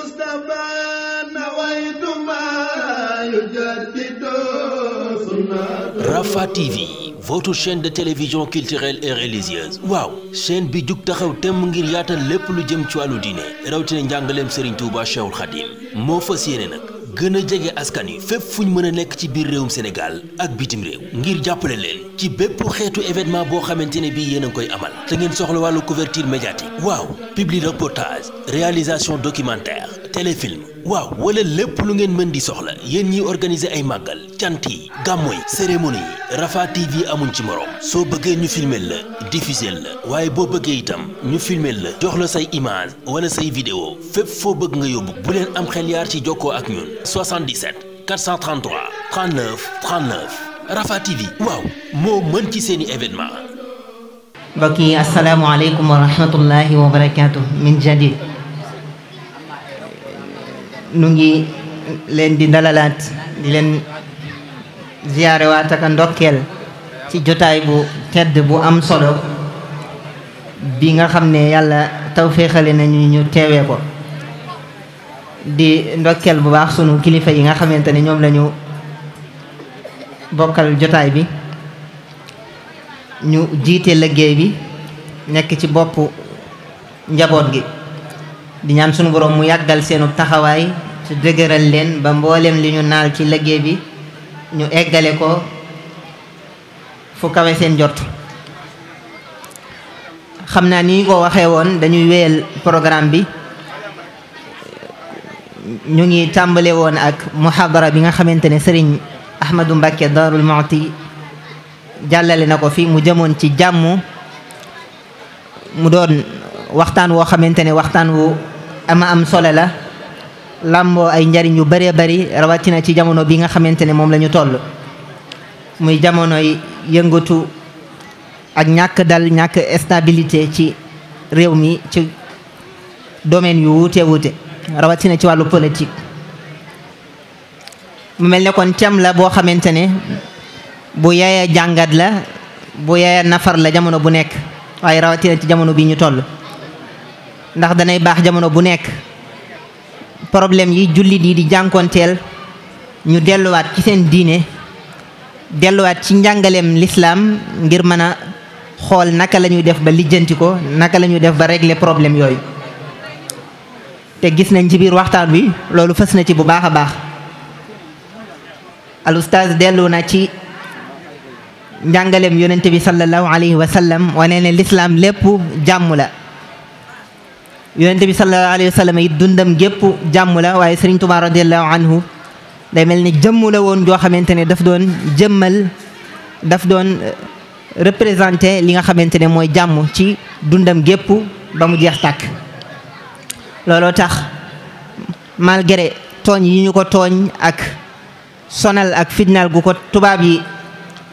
المصطفى نويت ما يجدد de télévision culturel et religieuse waaw chaîne bi jug taxaw temm ngir yaatal lépp lu jëm ci wàllu diine rawatina njàngaleem Serigne Touba Cheikhoul Khadim moo fas yéene nag gën a jege askan yi fépp fu ñu mën a nekk ci biir réewum Sénégal ak bitim réew ngir jàppale leen ci bépp xeetu événement boo xamante ne bii yéen a koy amal te ngeen soxla wàllu couverture médiatique waaw publi reportage réalisation documentaire téléfilm waaw wala lépp lu ngeen mën di soxla yéen ñiy organiser ay màggal cant yi gàmmo yi cérémonie yi Rafah TV amuñ ci morom soo bëggee ñu filmeel la diffuseel la waaye boo bëggee itam ñu filmeel la jox la say image wala say vidéo fépp foo bëgg nga yóbbu bu leen am xel ci jokkoo ak ñun 77 433 39 39 Rafah TV waaw moo mën ci seeni événement mbokk yi asalaamaaleykum wa rahmatullahi min jadid nu ngi leen di dalalaat di leen ziyaarewaat ak ndokkeel ci jotaay bu tedd bu am solo bi nga xam ne yàlla tawféexale nañu ñu teewee ko di ndokkeel bu baax sunu kilifa yi nga xamante ni ñoom lañu bokkal jotaay bi ñu jiite liggéey bi nekk ci boppu njaboot gi di ñaan sunu borom mu yàggal seenu taxawaay te dëgëral leen ba mboolem li ñu naal ci liggéey bi ñu eggale ko fu kawe seen jot. xam naa ni ñu ko waxee woon dañuy wéyal programme bi ñu ngi tàmbale woon ak muhaadara bi nga xamante ne sëriñ Ahmadou Mbacké Darou Mouhty jàllale na ko fi mu jëmoon ci jàmm mu doon waxtaan woo xamante ne waxtaan wu ama am solo la làmboo ay njariñ yu bëree bëri rawatina ci jamono bi nga xamante ne moom lañu ñu toll muy jamonoy yëngatu ak ñàkk dal ñàkk stabilité ci réew mi ci domaine yu wuute wuute rawatina ci wàllu politique mu mel ne kon thème la boo xamante ne bu yaaya jàngat la bu yaaya nafar la jamono bu nekk waaye rawatina ci jamono bi ñu toll ndax danay baax jamono bu nekk problème yi jullit yi di jànkoonteel ñu delluwaat ci seen diine delluwaat ci njàngaleem lislaam ngir mën a xool naka lañuy def ba lijjanti ko naka lañuy def ba regle problème yooyu te gis nañ ci biir waxtaan wi loolu fës na ci bu baax a baax al ustaaz dellu na ci njàngaleem yonente bi sallallahu alayhi wa sallam wane ne lislaam lépp jàmm la yonente bi sallallahu alayhi wa sallam it dundam gépp jàmm la waaye sëriñ Tuubaa radiallahu anhu day mel ni jëmm la woon joo xamante ne daf doon jëmmal daf doon euh, représenté li nga xamante ne mooy jàmm ci dundam gépp ba mu jeex tàkk looloo tax malgre tooñ yi ñu ko tooñ ak sonal ak fitnaal gu ko tubaab yi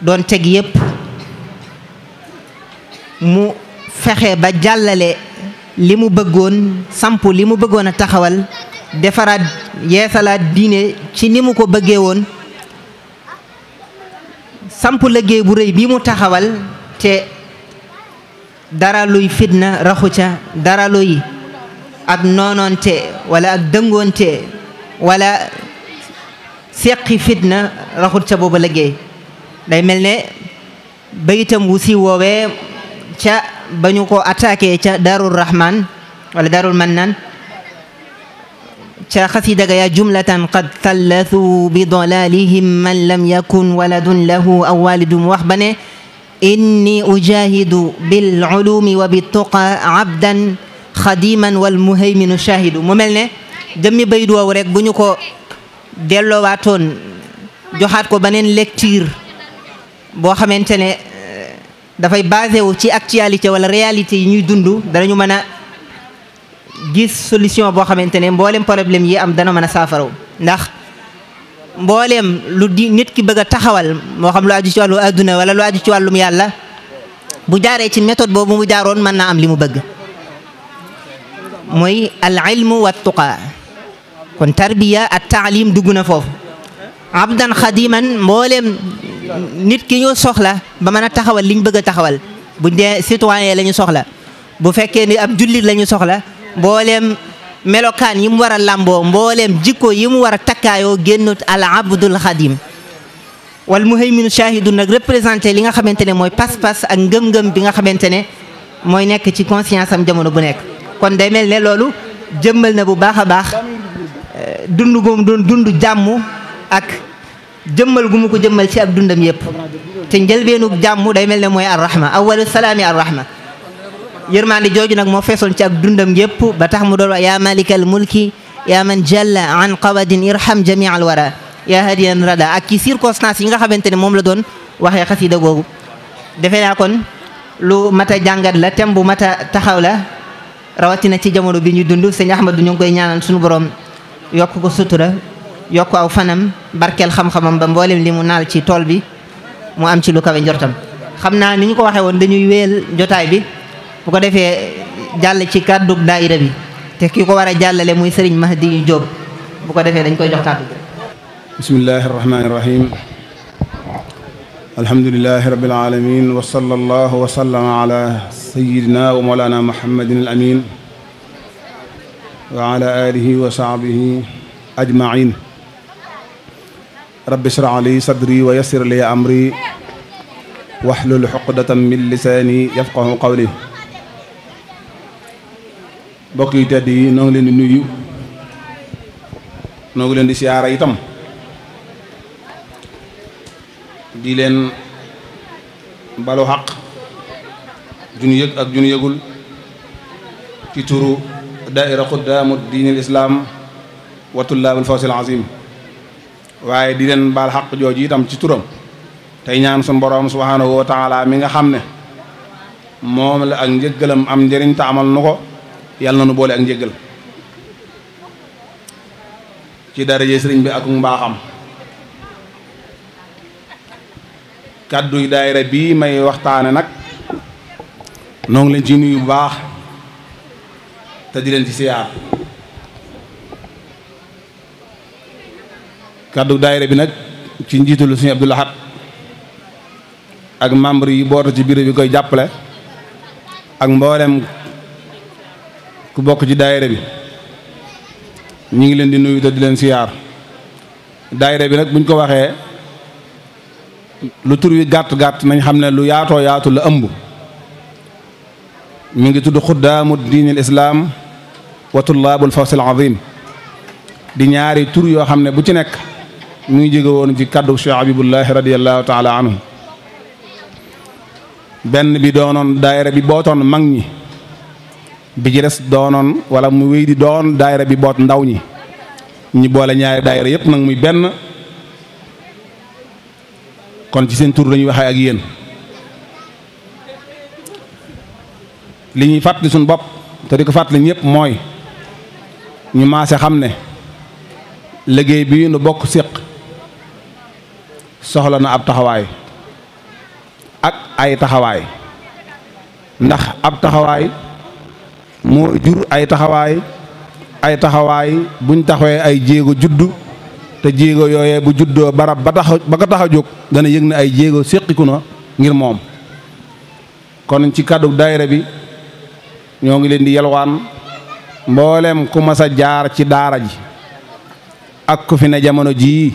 doon teg yépp mu fexe ba jàllale li mu bëggoon samp li mu bëggoon a taxawal defaraat yeesalaat diine ci ni mu ko bëggee woon samp liggéey bu réy bi mu taxawal te dara luy fitna raxu ca dara luy ak noonoonte wala ak dëngoonte walla seqi fitna raxut ca booba liggéey day mel ne bayitam wu si woowee ca ba ñu ko attaqué ca Darul Rahman wala Darul Mannan ca xasida ga ya jumlatan qad thallathuu bi dalalihim man lam yakun waladun lahu aw walidun wax ba ne inni ujahidu bil ulumi wa bittuqa abdan xadiman wal muhayminu rek bu ñu ko delloowaatoon joxaat ko beneen lecture dafay basé wu ci actualité wala réalité yi ñuy dundu danañu mën a gis solution boo xamante ne mboolem problème yi am dana mën a saafaraw ndax mboolem lu di nit ki bëgg a taxawal moo xam lu aju ci wàllu adduna wala lu aju ci wàllum yàlla bu jaaree ci méthode boobu mu jaaroon mën naa am li mu bëgg mooy al ilmu wa tuqa kon tarbiya at taalim dugg na foofu abdan xadiman mbooleem nit ki ñu soxla ba mën a taxawal liñ bëgg a taxawal bu dee citoyen la ñu soxla bu fekkee ni am jullit la ñu soxla mbooleem melokaan yi mu war a làmboo mbooleem jikko yi mu war a takkaayoo génnut al abdul xadim wal mi muhayminu shahidun nag représenté li nga xamante ne mooy pas-pas ak ngëm-ngëm bi nga xamante ne mooy nekk ci conscience am jamono bu nekk kon day ne loolu jëmmal na bu baax a baax eh, dund goom dund jàmm ak jëmmal gu mu ko jëmmal ci ab dundam yépp te njëlbeenug jàmm day mel ne mooy arrahma awalu salaami arrahma yërmaande jooju nag moo feesoon ci ak dundam yépp ba tax mu doon wax yaa malikal mulki yaa man jalla an qawadin irham jamia al wara yaa hadiyan rada ak ci circonstances yi nga xamante ne moom la doon waxee xasida googu defe naa kon lu mat a jàngat la thème bu mat a taxaw la rawatina ci jamono bi ñu dund sëñ Ahmadu ñu koy ñaanal suñu borom yokk ko sutura yokk aw fanam barkeel xam-xamam ba mboolem li mu naal ci tool bi mu am ci lu kawe njortam xam naa ni ñu ko waxee woon dañuy wéyal jotaay bi bu ko defee jàll ci kàddug daayira bi te ki ko war a jàllale muy sëriñ Mahdi Diop bu ko defee dañ koy jox kàddu bismillahi arrahmani irrahim alhamdulilahi rabbil alamin wa sallallahu wa sallama ala sayidina wa mawlana muhammadin al amin wa ala alihi wa sahbihi ajmain rabbi shrah li sadri wa yassir li amri wahlul uqdatan min lisaani yafqahu qawli mbokk yu tedd noo ngi leen di nuyu noo ngi leen di siyaara itam di leen balu xaq junu yëg ak junu yëgul ci turu daaira xuddaamu diinil islaam wa tullaabul fawsil azim waaye di leen baal xaq jooju itam ci turam tey ñaan suñu boroom subhaanahu wa taala mi nga xam ne moom la ak njëggalam am njëriñ te amal nu ko yàlla na nu boole ak njëggal ci daraje sëriñ bi ak mbaaxam kàdduy daayira bii may waxtaane nag noo ngi leen ci nuyu baax te di leen ci siyaar kàddu daayira bi nag ci njiitalu Sëriñ Abdou Lahad ak membre yi bootu ci biir bi koy jàppale ak mboolem ku bokk ci daayira bi ñu ngi leen di nuyu di leen siyaar daayira bi nag buñ ko waxee lu tur wi gàtt gàtt nañ xam ne lu yaatoo yaatu la ëmb mu ngi tudd xuddaamu diinil islaam wa tullaabul fawsil azim di ñaari tur yoo xam ne bu ci nekk mi ngi jóge ci kàddu Cheikh Habibullahi radiyallahu taala anhu benn bi doonoon daayira bi bootoon mag ñi bi ci des doonoon wala mu wéy di doon daayira bi boot ndaw ñi ñu boole ñaari daayira yépp nag muy benn kon ci seen tur lañuy waxee ak yéen li ñuy fàttali suñ bopp te di ko fàttali ñëpp mooy ñu maase xam ne liggéey bi ñu bokk séq soxla na ab taxawaay ak ay taxawaay ndax ab taxawaay moo jur ay taxawaay ay taxawaay buñ taxawee ay jéego juddu te jéego yooyee bu juddoo barab ba tax ba ko tax jóg dana yég na ay jéego séqiku na ngir moom kon ci kàddu daayira bi ñoo ngi leen di yalwaan mboolem ku mas a jaar ci daara ji ak ku fi ne jamono jii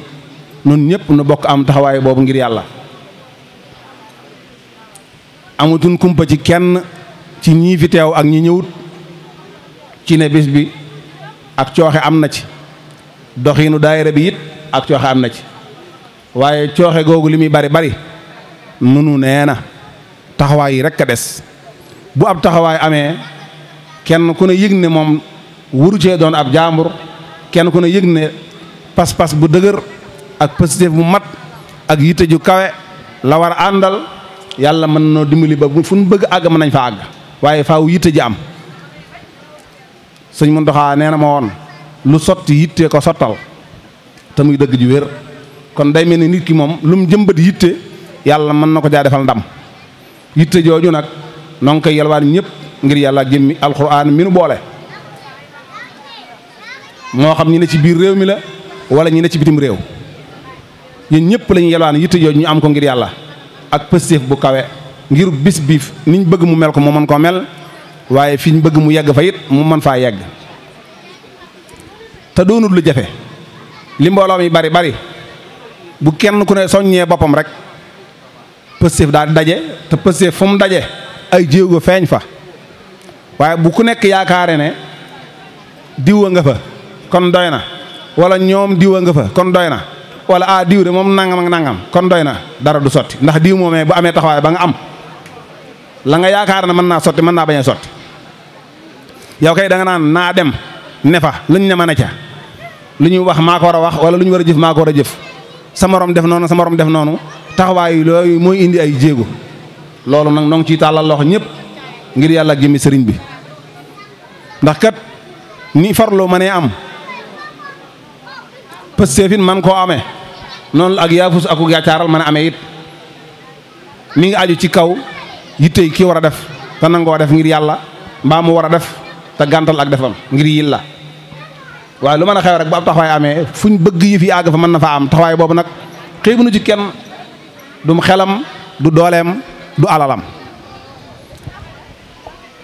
nun ñëpp nu bokk am taxawaay boobu ngir yàlla amatuñ kumpa ci kenn ci ñii fi teew ak ñi ñëwut ci ne bis bi ak cooxe am na ci doxiinu daayira bi it ak cooxe am na ci waaye cooxe googu li muy bari bari nunu nee na taxawaay yi rekk a des bu ab taxawaay amee kenn ku na yëg ne moom wuru doon ab jaambur kenn ku ne yëg ne pas-pas bu dëgër ak positif mu mat ak yitte ju kawe la war a àndal yàlla mën noo dimbali ba fu nu bëgg àgg mën nañ fa àgg waaye faaw yitte ji am sëñ Muntaxa nee na ma woon lu sotti yitte ko sottal te muy dëgg ju wér kon day mel ni nit ki moom lu mu jëmbat yitte yàlla mën na ko jaa defal ndam yitte jooju nag noo ngi koy yalwaan ñëpp ngir yàlla jëmmi alxuraan mi nu boole moo xam ñi ne ci biir réew mi la wala ñi ne ci bitim réew ñun ñëpp lañu yelwaan yitte yooyu ñu am ko ngir yàlla ak pëstéef bu kawe ngir bis bi niñ bëgg mu mel ko mu mën koo mel waaye fi ñu bëgg mu yegg fa it mu mën faa yegg te doonul lu jafe li mbooloo mi bari bari bu kenn ku ne soññee boppam rek pëstéef daal di daje te pëstéef fu daje ay jéego feeñ fa waaye bu ku nekk yaakaare ne diwa nga fa kon doy na wala ñoom diwa nga fa kon doy na wala ah diw de moom nangam ak nangam kon doy na dara du sotti ndax diw moomee bu amee taxawaay ba nga am la nga yaakaar ne mën naa sotti mën naa bañ a sotti yow kay da nga naan naa dem ne fa luñ ne mën a ca lu ñu wax maa ko war a wax wala lu ñu war a jëf maa ko war a jëf sa morom def noonu sa morom def noonu taxawaay yooyu mooy indi ay jéego loolu nag noo ngi ciy tàllal loxo ñëpp ngir yàlla jëmi sëriñ bi ndax kat ni farloo mënee am. pëstéefin man koo amee noonu la ak yaafus aku yaacaaral mën a amee it mi ngi aju ci kaw yittey kii war a def te nangoo def ngir yàlla mbaa mu war a def te gàntal ak defam ngir yil la waaye lu mën a xew rek bu ab taxawaay amee fuñ bëgg yëf yi fa mën na fa am taxawaay boobu nag xeebu nu ci kenn du xelam du dooleem du alalam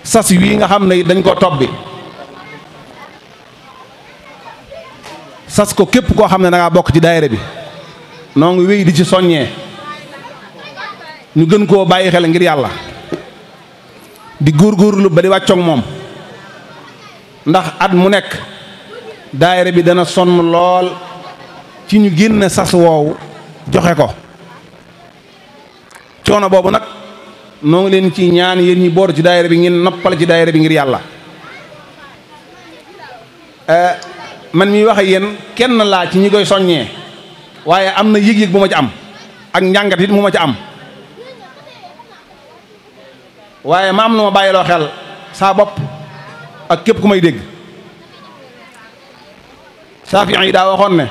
sas yi nga xam ne dañ koo topp sas ko képp koo xam ne da bokk ci daayira bi noo ngi wéy di ci soññee ñu gën koo bàyyi xel ngir yàlla di góorgóorlu ba di wàccoog moom ndax at mu nekk daayira bi dana sonn lool ci ñu génn sas woowu joxe ko coono boobu nag noo leen ci ñaan yéen ñi boor ci daayira bi ngeen noppal ci daayira bi ngir yàlla eh, man mi waxe ak kenn laa ci ñi koy soññee waaye am na yëg-yëg bu ma ci am ak njàngat it mu ma ci am waaye ma am na ma bàyyiloo xel saa bopp ak képp ku may dégg saafiyan yi daa waxoon ne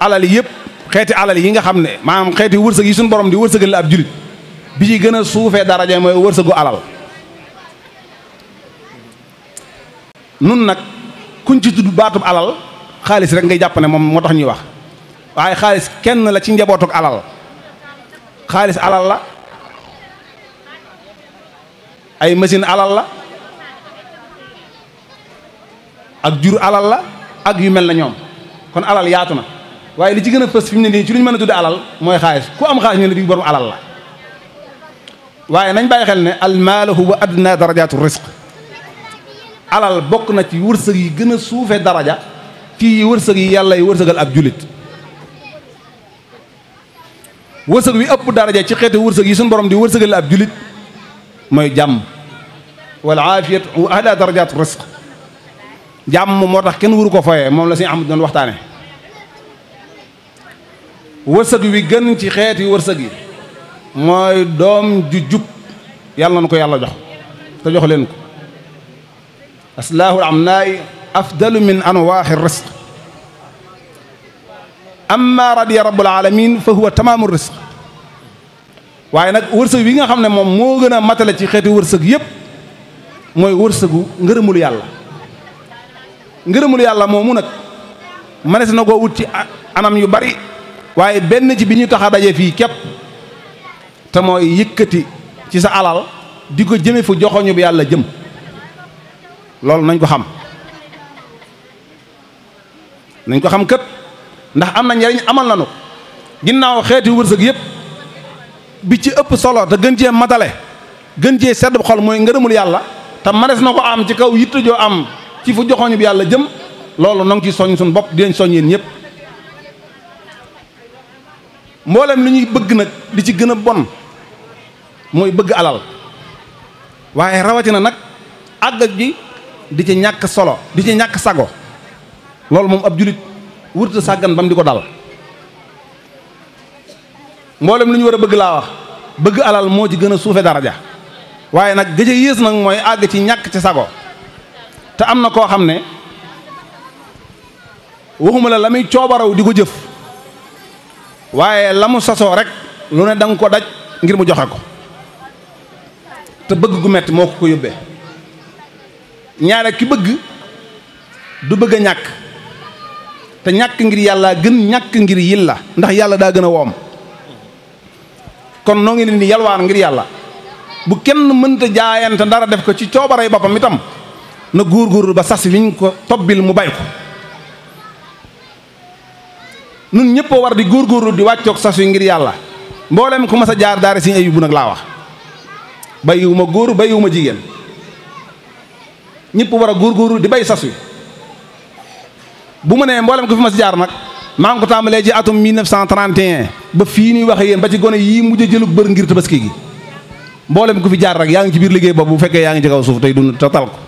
alal yëpp xeeti alal yi nga xam ne maanaam xeeti wërsëg yi suñu borom di wërsëgal la ab julit bi ci gën a suufee daraja mooy wërsëgu alal nun nag kuñ ci tudd baatub alal xaalis rek ngay jàpp ne moom moo tax ñuy wax waaye xaalis kenn la ci njabootuk alal xaalis alal la ay machine alal la ak jur alal la ak yu mel na ñoom kon alal yaatu na waaye li ci gën a fës fi mu ne nii ci lu ñu mën a tudde alal mooy xaalis ku am xaalis ñu ne di borom alal la waaye nañ bàyyi xel ne almaalahu wa adna darajatu risq alal bokk na ci wërsëg yi gën a suufe daraja ci wërsëg yi yàlla yi wërsëgal ab jullit wërsëg wi ëpp daraja ci xeeti wërsëg yi suñu borom di wërsëgal ab jullit mooy jàmm wal aafiyat wa ahla darajat risq jàmm moo tax kenn wuru ko foyee moom la sëñ Ahmad doon waxtaane wërsëg wi gën ci xeeti wërsëg yi mooy doom ju jub yàlla na ko yàlla jox te jox leen ko aslaahu alamnaai afdalu min anwaahi risq amma radiya rabbul alamin fa huwa tamaamu risq waaye nag wërsëg bi nga xam ne moom moo gën a matale ci xeeti wërsëg yépp mooy wërsëgu ngërëmul yàlla ngërëmul yàlla moo moomu nag mënees na koo wut ci anam yu bari waaye benn ci bi ñu tax a daje fii képp te mooy yëkkati ci sa alal di ko jëme fu joxoñu bi yàlla jëm loolu nañ ko xam nañ ko xam kët ndax am na njariñ amal nañu ginnaaw xeeti wërsëg yépp bi ci ëpp solo te gën cee matale gën cee sedd xol mooy ngërëmul yàlla te manees na ko am ci kaw yitte joo am ci fu joxoñu bi yàlla jëm loolu na nga ciy soññ suñu bopp dinañ soñ yéen ñëpp mboolem li ñuy bëgg nag di ci gën a bon mooy bëgg alal waaye rawatina nag àgg gi di ci ñàkk solo di ci ñàkk sago loolu moom ab julit wurta sàggan bam di ko dal mboolem lu ñu war a bëgg laa wax bëgg alal moo ci gën a suufe daraja waaye nag gëj a yées nag mooy àgg ci ñàkk ci sago te am na koo xam ne waxuma la la muy coobaraw di ko jëf waaye la mu sasoo rek lu ne danga ko daj ngir mu joxe ko te bëgg gu metti moo ko ko yóbbee ñaare ki bëgg du bëgg a ñàkk te ñàkk ngir yàlla gën ñàkk ngir yilla ndax yàlla daa gën a woom kon noo ngi leen di yalwaan ngir yàlla bu kenn mënta jaayante ndara def ko ci coobaray boppam itam na góor góorgóorlu ba sas wiñ ko tobbil mu bay ko nun ñëpp war di góor góorgóorlu di wàccoog sas wi ngir yàlla mboolem ku mas a jaar daara si ayib bu nag laa wax bayiwu ma góor bayiwu ma jigéen ñëpp war a góorgóorlu di bay sas wi bu mu nee mboolem ko fi ma si jaar nag maa ko tàmbalee ci atum 1931 ba fii ñuy waxe yéen ba ci gone yii mujj jëlug bër ngir tabaski gi mboolem ku fi jaar rek yaa ngi ci biir liggéey boobu bu fekkee yaa ngi ci kaw suuf tey dund te tal ko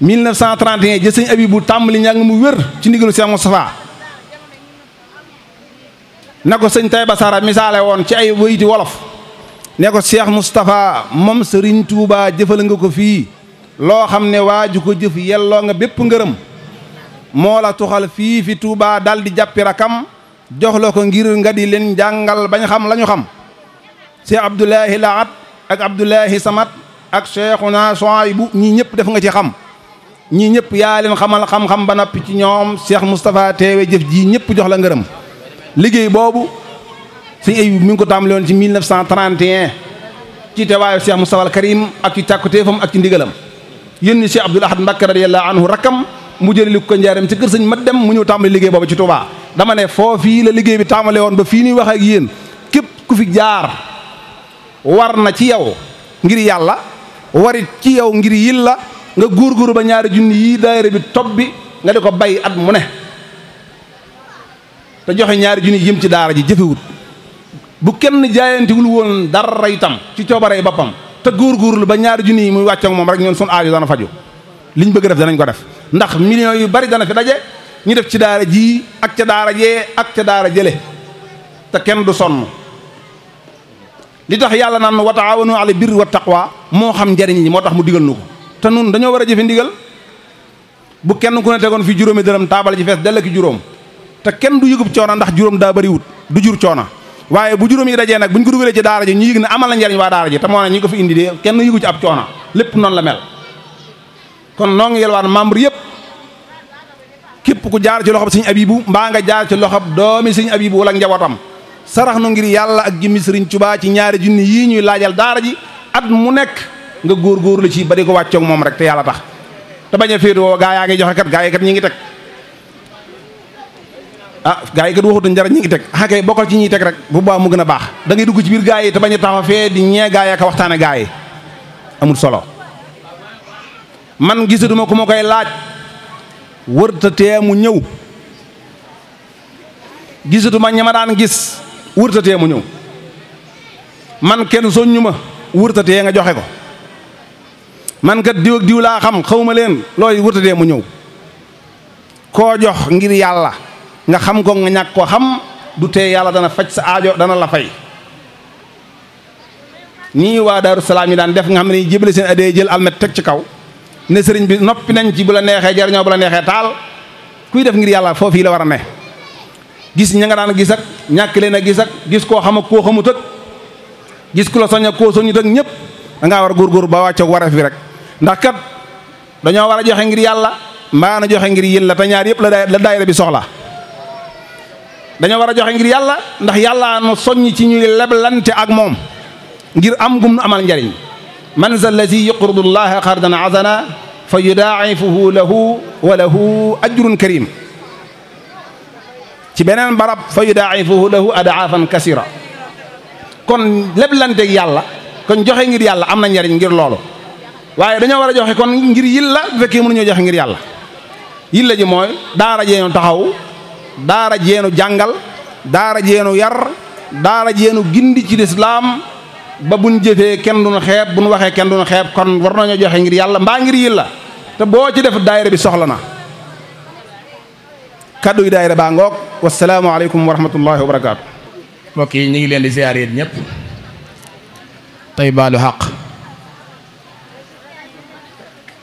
1931 jël sëñ Abibu tàmbali njàng mu wér ci ndigalu Cheikh Moustapha na ko sëñ Taïba Sara misaale woon ci ay wayiti wolof ne ko Cheikh Moustapha moom Serigne Touba jëfal nga ko fii loo xam ne waaju ko jëf yelloo nga bépp ngërëm moo la tuxal fii fi Touba dal di jàppi rakam jox la ko ngir nga di leen jàngal bañ xam lañu xam Cheikh Abdoulahi Lahat ak Abdoulahi Samat ak naa Cheikhuna bu ñii ñëpp def nga ci xam ñii ñëpp yaa leen xamal xam-xam ba noppi ci ñoom Cheikh Moustapha teewe jëf ji ñëpp jox la ngërëm liggéey boobu sëñ Ayib mi ngi ko tàmbale woon ci 1931 ci teewaayu Cheikh Moustapha al Karim ak ci càkkutéefam ak ci ndigalam yéen ni Cheikh Abdoul Ahad Mbacké radiyallahu anhu rakkam mu jëli li ko njaareem ci kër sëñ mat dem mu ñëw tàmbale liggéey boobu ci Touba dama ne foo fii la liggéey bi tàmbale woon ba fii ñuy wax ak yéen képp ku fi jaar war na ci yow ngir yàlla warit ci yow ngir yilla nga góorgóoru ba ñaari junni yii daayira bi topp bi nga di ko bay at mu ne te joxe ñaari junni yëm ci daara ji jëfewut bu kenn jaayantiwul woon dara itam ci coobaree bappam te góor góorgóorlu ba ñaari junni yi muy wàcc moom rek ñun sun aajo dana faju liñ bëgg def danañ ko def ndax millions yu bari dana fi daje ñu def ci daara jii ak ca daara jee ak ca daara jële te kenn du sonn li tax yàlla naan wa taawanu ala birri wa taqwa moo xam njariñ li moo tax mu digal nu ko te nun dañoo war a jëfe ndigal bu kenn ku ne tegoon fi juróomi dërëm taabal ji fees dell ki juróom te kenn du yëgub coona ndax juróom daa bariwut du jur coona waaye bu juróom yi dajee nag buñ ko dugalee ci daara ji ñu yëg ne amal na njariñ waa daara ji te moo ne ñi ko fi indi de kenn yëgu ci ab coono lépp noonu la mel kon noo ngi yelwaan membre yëpp képp ku jaar ci loxob sëñ abibu mbaa nga jaar ci loxob doomi sëñ abibu wala njabootam sarax nu ngir yàlla ak jëmmi sëriñ Tuubaa ci ñaari junni yii ñuy laajal daara ji at mu nekk nga góor góorgóorlu ci ba di ko wàccoog moom rek te yàlla tax te bañ a féetewoo gaa yaa ngi joxe kat gaa yi kat ñi ngi teg ah gaa yi kat waxutuñ dara ñi ngi teg a ah, kay bokkal ci ñuy teg rek bu baax mu gën a baax da ngay dugg ci biir gaa yi te bañ a taxaw fee di ñee gaay yi ak waxtaane gaa yi amul solo man gisatuma ku ma koy laaj wërta mu ñëw gisatuma ñama daan gis wërta mu ñëw man kenn soññu ma wërta nga joxe ko man kat diw ak laa xam xawma leen looy wërta mu ñëw koo jox ngir yàlla nga xam ko nga ñàkk ko xam du tee yàlla dana faj sa aajo dana la fay nii waa daaru salaam yi daan def nga xam ne jébale seen adee jël almet teg ci kaw ne sëriñ bi noppi nañ ci bu la neexee jariñoo bu la neexee taal kuy def ngir yàlla foofii la war a ne gis ña nga daan gis ak ñàkk leen a gis gis koo xam ak koo xamut ak gis ku la soñ ak koo soñut ñëpp da war a góorgóor ba wàccoog war a fi rek ndax kat dañoo war a joxe ngir yàlla mbaa na joxe ngir yéen la te yëpp la daayira bi soxla dañoo war a joxe ngir yàlla ndax yàlla nu soññ ci ñuy leblante ak moom ngir am gum nu amal njariñ man za allazi yuqridu llaha qardan hasana fa yudaa'ifuhu lahu wa lahu ajrun karim ci beneen barab fa yudaa'ifuhu lahu adaafan kasira kon leblanteeg yàlla kon joxe ngir yàlla am na njariñ ngir loolu waaye dañoo war a joxe kon ngir yilla bu fekkee mënuñoo joxe ngir yàlla yilla ji mooy daara jee ñu taxaw daara jeenu jàngal daara jeenu yar daara jeenu gindi ci lislaam ba buñ jëfee kenn duñu xeeb buñ waxee kenn duñu xeeb kon war nañoo joxe ngir yàlla mbaa ngir yilla te boo ci def daayira bi soxla na kaddu yi daayira baa ngoog wasalaamu aleykum wa rahmatullahi wa barakaatu mbokk yi ñu ngi leen di ziyaar yéen ñëpp tey baalu xaq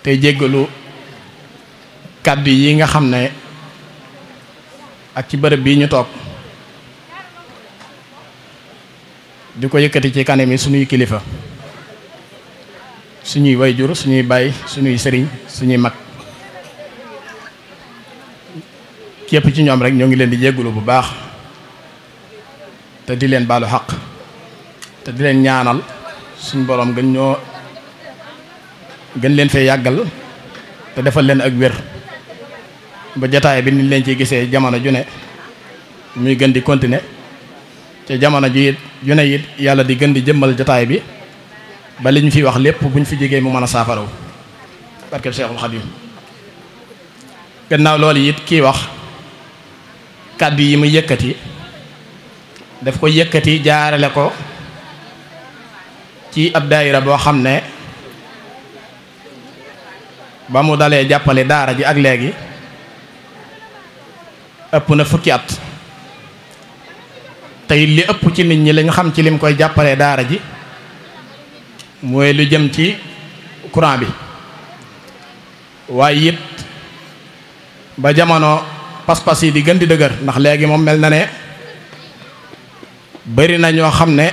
tey jéggalu kaddu yi nga xam ne ak ci bërëb bii ñu toog di ko yëkkati ci kanami suñuy kilifa suñuy way jur suñuy baay suñuy sëriñ suñuy mag képp ci ñoom rek ñoo ngi leen di jéggulu bu baax te di leen baalu xaq te di leen ñaanal suñ boroom gën ñoo gën leen fi yàggal te defal leen ak wér ba jataay bi niñ leen ciy gisee jamono ju ne muy gën di continuer te jamono ju it ne it yàlla di gën di jëmmal jataay bi ba liñ fi wax lépp buñ fi jigee mu mën a saafaraw barkeb Seexul Xadiim gannaaw loolu it kii wax kàddu yi mu yëkkati def ko yëkkati jaarale ko ci ab daayira boo xam ne ba mu dalee jàppale daara ji ak léegi ëpp na fukki at tey li ëpp ci nit ñi li nga xam ci lim koy jàppalee daara ji mooy lu jëm ci courant bi waaye it ba jamono pas-pas yi di gën di dëgër ndax léegi moom mel na ne bari na ñoo xam ne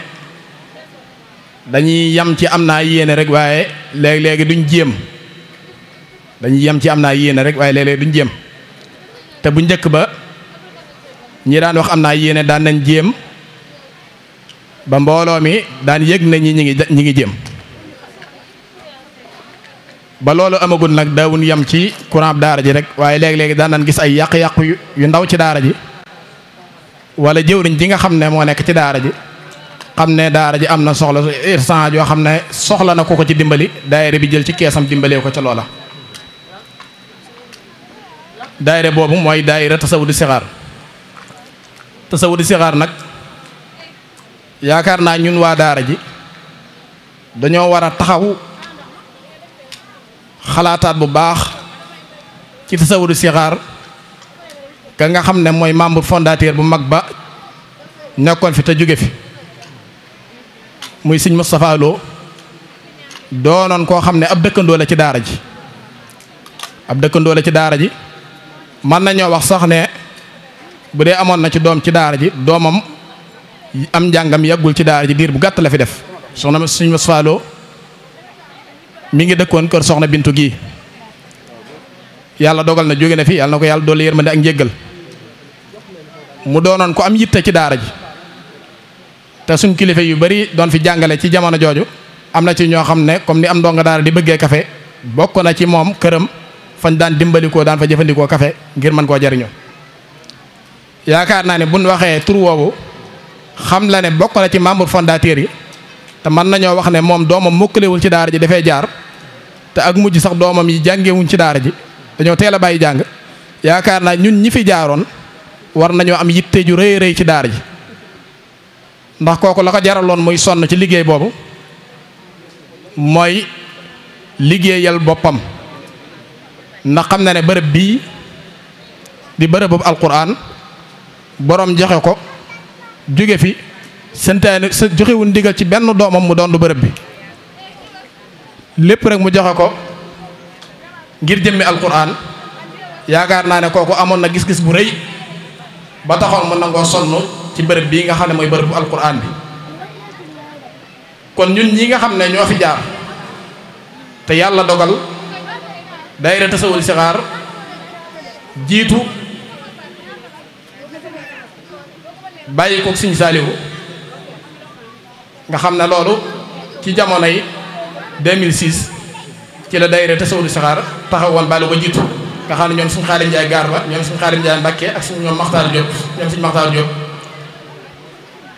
dañuy yam ci am naa yéene rek waaye léeg-léegi duñ jéem dañuy yam ci am naa yéene rek waaye léeg-léegi duñ jéem te bu njëkk ba ñi daan wax am naa yéene daan nañ jéem ba mbooloo mi daan yég na ñi ñi ngi ñi ngi jéem ba loolu amagul nag daawun yam ci courant daara ji rek waaye léegi-léegi daan nañ gis ay yàq-yàq yu ndaw ci daara ji wala jëwriñ ji nga xam ne moo nekk ci daara ji xam ne daara ji am na soxla irsan yoo xam ne soxla na ko ko ci dimbali daayira bi jël ci keesam dimbalee ko ca loola daayira boobu mooy daayira tasawudu sixaar tasawudu sixaar nag yaakaar naa ñun waa daara ji dañoo war a taxaw xalaataat bu baax ci tasawudu sixaar ka nga xam ne mooy membre fondateur bu mag ba nekkoon fi te jóge fi muy sëñ Moustapha Lo doonoon koo xam ne ab dëkkandoo la ci daara ji ab dëkkandoo la ci daara ji mën nañoo wax sax ne bu dee amoon na ci doom ci daara ji doomam am njàngam yàggul ci daara ji diir bu gàtt la fi def soxna suñ mas faaloo mi ngi dëkkoon kër soxna bintu gii yàlla dogal na jóge na fi yàlla na ko yàlla dolli yërmande ak njéggal mu doonoon ko am yitte ci daara ji te suñ kilifa yu bari doon fi jàngale ci jamono jooju am na ci ñoo xam ne comme ni am ndongo daara di bëggee kafe bokk na ci moom këram fañ daan dimbalikoo daan fa jëfandikoo kafe ngir mën koo jariñoo yaakaar naa ne buñ waxee tur woowu xam la ne bokk na ci membre fondateur yi te mën nañoo wax ne moom doomam mokkalewul ci daara ji dafay jaar te ak mujj sax doomam yi jàngewuñ ci daara ji dañoo teel a bàyyi jàng yaakaar naa ñun ñi fi jaaroon war nañoo am yitte ju rëy rëy ci daara ji ndax kooku la jaraloon muy sonn ci liggéey boobu mooy liggéeyal boppam ndax xam na ne bërëb bii di bërëbu alquran boroom joxe ko jóge fi santaane sa joxewul ndigal ci benn doomam mu doon lu bërëb bi lépp rek mu joxe ko ngir jëmmi alquran yaakaar naa ne kooku amoon na gis-gis bu rëy ba taxoon mu nangoo sonn ci bërëb bii nga xam ne mooy bërëb bu alquran bi kon ñun ñi nga xam ne ñoo fi jaar te yàlla dogal daayira tasawul sixaar jiitu bàyyi koog sëñ Saaliwu nga xam ne loolu ci jamono yi 2006 ci la daayira Tasawudu Saxaar taxaw woon bàyyi ko jiitu nga xam ne ñoom suñu xaalim Njaay gaar ba ñoom suñu xaalim Njaay Mbàkke ak suñu ñoom Maxtaar Diop ñoom suñu Maxtaar Diop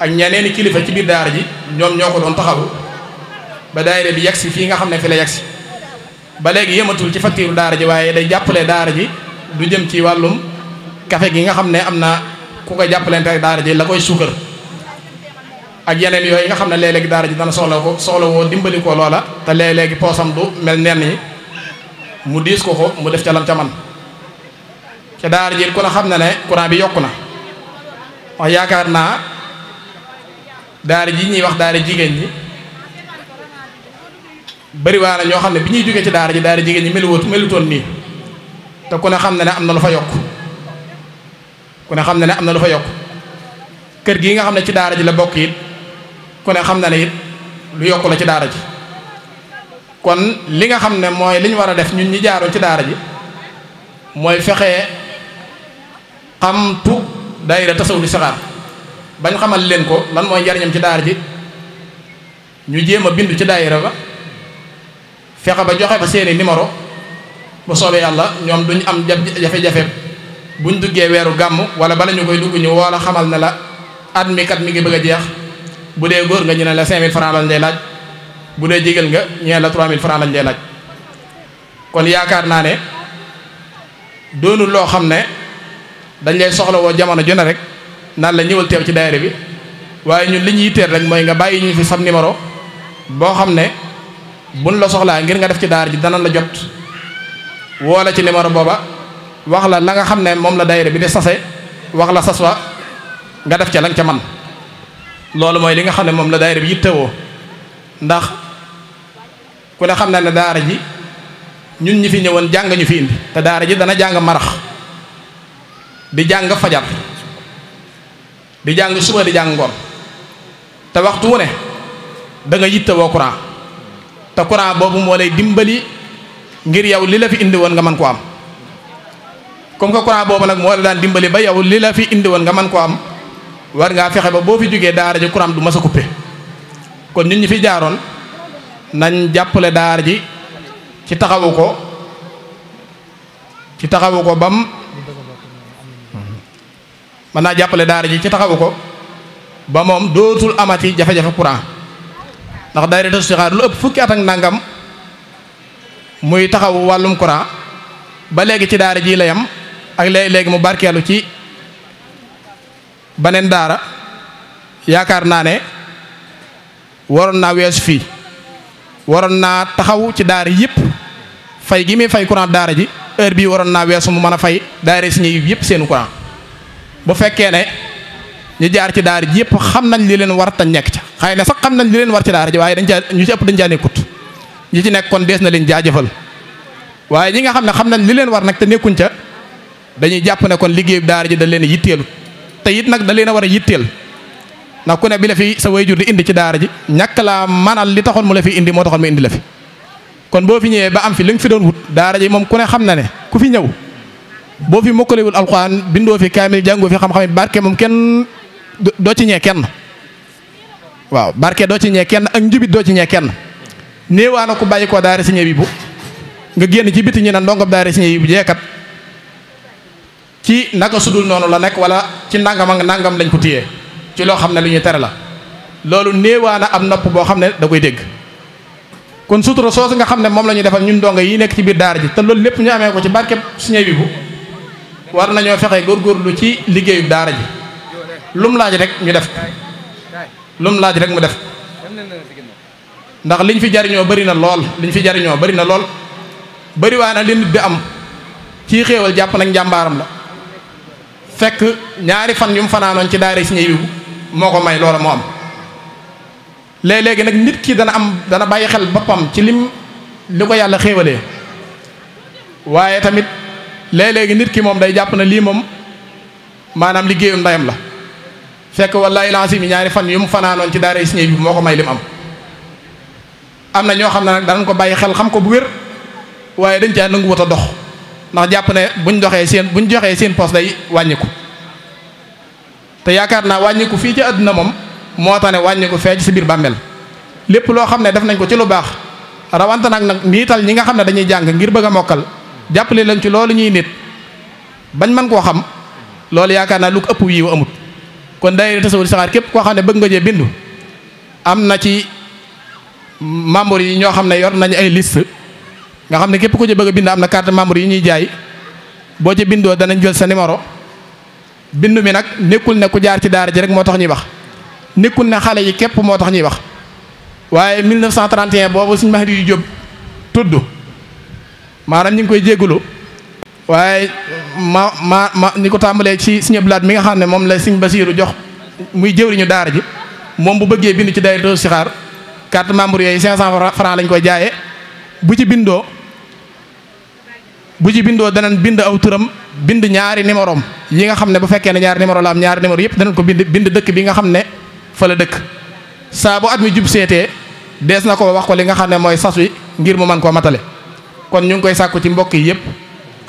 ak kilifa ci biir daara ji ñoom ñoo ko doon taxawu ba daayira bi yegsi fii nga xam ne fi la yegsi ba léegi yëmatul ci facture daara ji waaye day jàppale daara ji du jëm ci wàllum kafe gi nga xam ne am na ku koy jàppalante daara ji la koy suukar ak yeneen yooyu nga xam ne léeg-léegi daara ji dana soxla ko soxla woo dimbali koo loola te léeg-léegi poosam du mel nenn yi mu diis ko ko mu def ca lam ca man ca daara ji ku ne xam ne ne courant bi yokk na wax yaakaar naa daara ji ñuy wax daara jigéen ñi bari ñoo xam ne bi ñuy jógee ci daara ji daara jigéen ñi meluwut melutoon nii te ku ne xam ne ne am na lu fa yokk ku xam na ne am na lu fa yokk kër gii nga xam ne ci daara ji la bokk it ku xam na ne it lu yokk la ci daara ji kon li nga xam ne mooy li war a def ñu ñi jaaroo ci daara ji mooy fexe xam tu daayira tasawu di saxaar bañ xamal leen ko lan mooy njariñam ci daara ji ñu jéem a bindu ci daayira ba fexe ba joxe fa seeni numéro bu soobee yàlla ñoom duñ am jafe-jafe bu buñ duggee weeru gàmm wala bala ñu koy dugg ñu woo la xamal ne la at mi kat mi ngi bëgg a jeex bu dee góor nga ñu ne la 5000 francs lañ lay laaj bu dee jigéen nga ñeen ne la 3000 francs lañ lay laaj kon yaakaar naa ne doonu loo xam ne dañ lay soxla woo jamono ju ne rek naan la ñëwal teew ci daayira bi waaye ñun li ñuy yitteel rek mooy nga bàyyi ñu fi sam numéro boo xam ne buñ la soxlaa ngir nga def ci daar ji dana la jot woo la ci numéro booba wax la la nga xam ne moom la daayira bi di sase wax la sas wa nga def ca lan ca man loolu mooy li nga xam ne moom la daayira bi yittewoo ndax ku ne xam na ne daara ji ñun ñi fi ñëwoon jàng ñu fi indi te daara ji dana jàng marax di jàng fajar di jàng suba di jàng ngoon te waxtu wu ne da nga yittewoo courant te courant boobu moo lay dimbali ngir yow li la fi indi woon nga mën ko am comme que courant boobu nag moo la daan dimbali ba yow li la fi indi woon nga mën koo am war ngaa fexe ba boo fi jógee daara ji courant du mas a coupé kon ñun ñi fi jaaroon nañ jàppale daara ji ci taxawu ko ci taxawu ko bam mën naa jàppale daara ji ci taxawu ko ba moom dootul amati jafe-jafe courant ndax daayira Sixaar lu ëpp fukki at ak nangam muy taxawu wàllum courant ba léegi ci daara jii la yam ak léegi-léegi mu barkeelu ci beneen daara yaakaar naa ne waroon naa weesu fii waroon naa taxaw ci daara yëpp fay gi muy fay courant daara ji heure bii waroon naa weesu mu mën a fay daara si ñuy yëpp seen courant bu fekkee ne ñu jaar ci daara ji yëpp xam nañ li leen war ta nekk ca xëy na sax xam nañ li leen war ci daara ji waaye dañ caa ñu ci ëpp dañ caa nekkut ñi ci nekk kon dees na leen jaajëfal waaye ñi nga xam ne xam nañ li leen war nag te nekkuñ ca. dañuy jàpp ne kon liggéey daara ji da leen a yitteelu te it nag da leen war a yitteel ndax ku ne bi la fi sa wayjur di indi ci daara ji ñàkk laa manal li taxoon mu la fi indi moo taxoon mu indi la fi kon boo fi ñëwee ba am fi li fi doon wut daara ji moom ku ne xam na ne ku fi ñëw boo fi mokkalewul alxuraan bindoo fi kaamil jàngoo fi xam-xam barke moom kenn doo ci ñee kenn waaw barke doo ci ñee kenn ak njubit doo ci ñee kenn néewaa na ku bàyyi koo si ñëw bi bu nga génn ci biti ñu ne ndongob daara si ci naka sudul noonu la nekk wala ci nangam ak nangam lañ ko téye ci loo xam ne lu ñuy tere la loolu néewaana am nopp boo xam ne da koy dégg kon sutura soosu nga xam ne moom la ñuy defal ñun donga yi nekk ci biir daara ji te loolu lépp ñu amee ko ci barkeb suñu bi bu war nañoo fexe góor góorgóorlu ci liggéeyub daara ji lum laaj rek ñu def ko lum laaj rek mu def ndax liñ fi jariñoo bari na lool liñ fi jariñoo bari na lool bari waa na li nit bi am ci jàpp nañ jàmbaaram la fekk ñaari fan yu mu fanaanoon ci daara si ñëw moo ko may loola moo am léeg-léegi nag nit ki dana am dana bàyyi xel boppam ci lim li ko yàlla xéewalee waaye tamit léeg-léegi nit ki moom day jàpp na lii moom maanaam liggéeyu ndayam la fekk wallaahi lancé mi ñaari fan yu mu fanaanoon ci daara si ñëw moo ko may lim am am na ñoo xam ne nag danañ ko bàyyi xel xam ko bu wér waaye dañ caa nangu a dox ndax jàpp ne buñ doxee seen buñ joxee seen poste day wàññiku te yaakaar naa wàññiku fii ci àdduna moom moo tax ne wàññiku fee ci si biir bàmmeel lépp loo xam ne def nañ ko ci lu baax rawante nag nag niital ñi nga xam ne dañuy jàng ngir bëgg a mokkal jàppale leen ci loolu ñuy nit bañ man koo xam loolu yaakaar naa lu ëpp wiiw amut kon daayira tasawur saxaar képp koo xam ne bëgg nga jee bindu am na ci membre yi ñoo xam ne yor nañu ay list nga xam ne képp ko ci bëgg a bind am na carte membre yi ñuy jaay boo ci bindoo danañ jël sa numéro bindu mi nag nekkul ne ku jaar ci daara ji rek moo tax ñuy wax nekkul ne xale yi képp moo tax ñuy wax waaye 1931 boobu suñu Mahdi yu Jóob tudd maanaam ñu koy jégalu waaye ma ma ma ñi ko tàmbalee ci suñu blaat mi nga xam ne moom la suñ Basiiru jox muy jëwriñu daara ji moom bu bëggee bind ci daayira xaar carte membre yooyu 500 francs lañ koy jaayee. bu ci bindoo bu ci bindoo danañ bind aw turam bind ñaari numérom yi nga xam ne bu fekkee ne ñaari numéro la am ñaari numéro yëpp danañ ko bind bind dëkk bi nga xam ne fa la dëkk saa bu at mi jub seetee dees na ko wax ko li nga xam ne mooy sas wi ngir mu man koo matale kon ñu ngi koy sàkku ci mbokk yi yëpp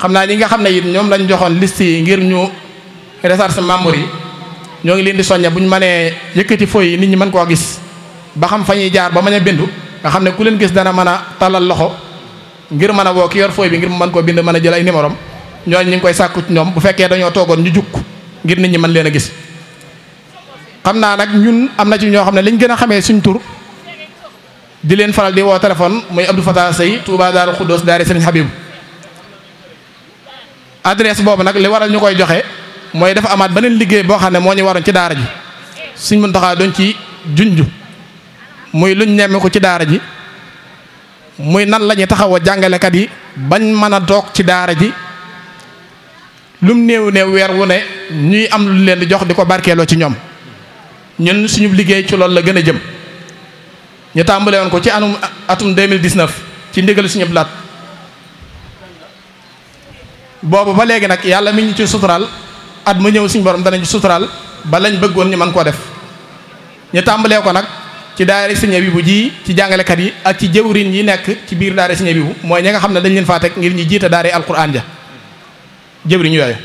xam naa ñi nga xam ne it ñoom lañu joxoon liste yi ngir ñu recharge membre yi ñoo ngi leen di soñña bu ñu mënee yëkkati fooy yi nit ñi mën koo gis ba xam fa ñuy jaar ba mën a bindu nga xam ne ku leen gis dana mën a tàllal loxo ngir mën a woo ki yor fooy bi ngir mën ko bind mën a jël ay numérom ñooñu ñu ngi koy sàkku ci ñoom bu fekkee dañoo toogoon ñu jukk ngir nit ñi mën leen gis xam naa nag ñun am na ci ñoo xam ne liñ gën a xamee suñ tur di leen faral di woo téléphone muy Abdou Fatah Sey tuubaa Daaru Xuddoos Daara Sëriñ Habib adresse boobu nag li waral ñu koy joxe mooy dafa amaat beneen liggéey boo xam ne moo ñu waroon ci daara ji suñ mën taxaa doon ci junj muy luñ ñeme ko ci daara ji muy nan la taxawa taxaw a jàngalekat yi bañ mën a toog ci daara ji lum néew ne weer wu ne ñuy am lu leen di jox di ko barkeeloo ci ñoom ñun suñu liggéey ci loolu la gën a jëm ñu tàmbale woon ko ci anum atum 2019 ci ndigal suñu laat boobu ba léegi nag yàlla mi ñu ci suturaal at mu ñëw suñu borom danañ ci suturaal ba lañ bëggoon ñu mën koo def ñu tàmbalee ko nag ci daayira Sëriñ Abibu ji ci jàngalekat yi ak ci jëwriñ yi nekk ci biir daayira Sëriñ Abibu mooy ñi nga xam ne dañ leen faa teg ngir ñu jiite daayira alquran ja jëwriñ yooyu